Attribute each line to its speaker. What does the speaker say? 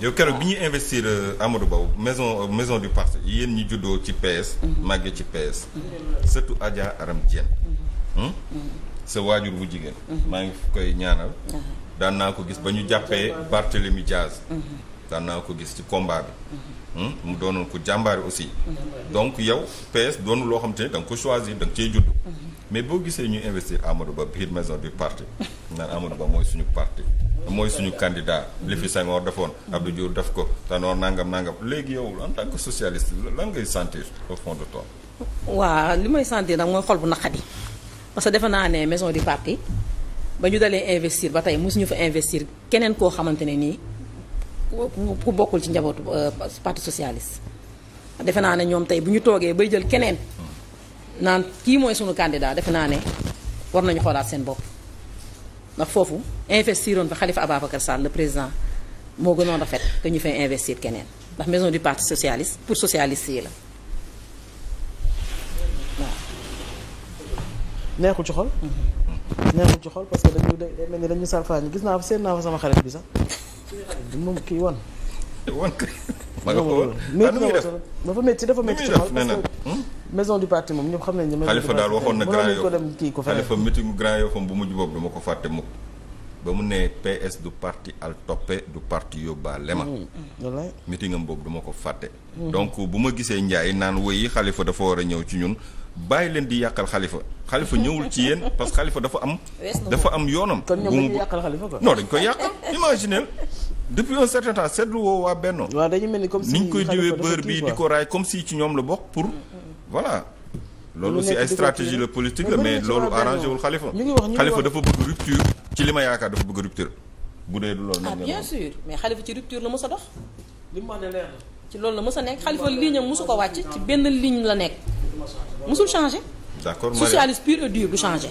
Speaker 1: yow keroog bi ñuy investir euh, Amadou Ba maison euh, maison du parti yéen ñi juddoo ci PS. Mhm. màggee ci PS. Mhm. surtout Adja Aram Dieng. Mhm. sa waajur bu jigéen. maa ngi koy ñaanal. daan naa ko gis ba ñu jàppee Barthélemy Diaz. daan naa ko gis ci combat bi. mu doonoon ko jàmbaari aussi. donc yow PS doonu loo xam te ne da nga ko choisir da nga cee judd. mais boo gisee ñu investir Amadou Ba biir maison du parti naan Amadou Ba mooy suñu parti. mooy suñu candidat li fi Senghor defoon Abdou Diouf def ko Tanor nangam nangam léegi yow en tant que socialiste lan ngay sentir au fond de
Speaker 2: toi li may sentir nag mooy xol bu naqadi parce que defe naa ne maison du parti ba ñu dalee investir ba tey mosuñu fa investir keneen koo xamante ne nii ku bokkul ci njabootu euh, parti socialist defe naa ne ñoom tey bu ñu toogee bay jël keneen naan kii mooy sunu candidat defe naa ne war nañu xoolaat seen bopp ndax foofu investiroon fa Khalifa Ababacar Sall le président moo gënoon rafet que ñu fay investir keneen ndax maison du parti socialiste pour socialiste yi la waaw. neexul ci xol. Mhm. neexul ci xol parce que dañu day mel ni gis naa fa seen naa fa sama xarit bi sax moom kii woon. Ah, dafa métti dafa métti ci xol parce maison du parti moom ñëpp xam nañ ne. xalifa daal waxoon na grand yow dem ko xalifa
Speaker 1: meeting grand yow bu mujj boobu dama ko fàtte mukk ba mu ne PS du parti al du parti yóbbaale ma. Mm-hmm. Mm-hmm. wallaay meeting am boobu duma ko fàtte. Mm-hmm. donc bu ma gisee Ndiaye naan woyi xalifa dafa war a ñëw ci ñun bàyyi leen di yàqal xalifa xalifa ñëwul ci yéen parce xalifa dafa am. dafa am yoonam. kon ñoom dañuy yàqal xalifa quoi non dañ koy yàqal imaginez. depuis un certain temps seetlu woo ñu koy diwee beurre bi di ko raay comme si ci ñoom la bokk pour. voilà
Speaker 2: loolu aussi ay stratégie la politique mais loolu arrangé wul xalifa xalifa
Speaker 1: dafa bëgg rupture ci li ma yaakaar dafa bëgg rupture bu dee du loolu ah bien
Speaker 2: sûr mais xalifa ci rupture la mës a dox wax ne ci loolu la mës a nekk xalifa ligne am mosu ko wàcc ci benn ligne la nekk mosul changé
Speaker 1: d'accord socialiste
Speaker 2: pur et dur du changé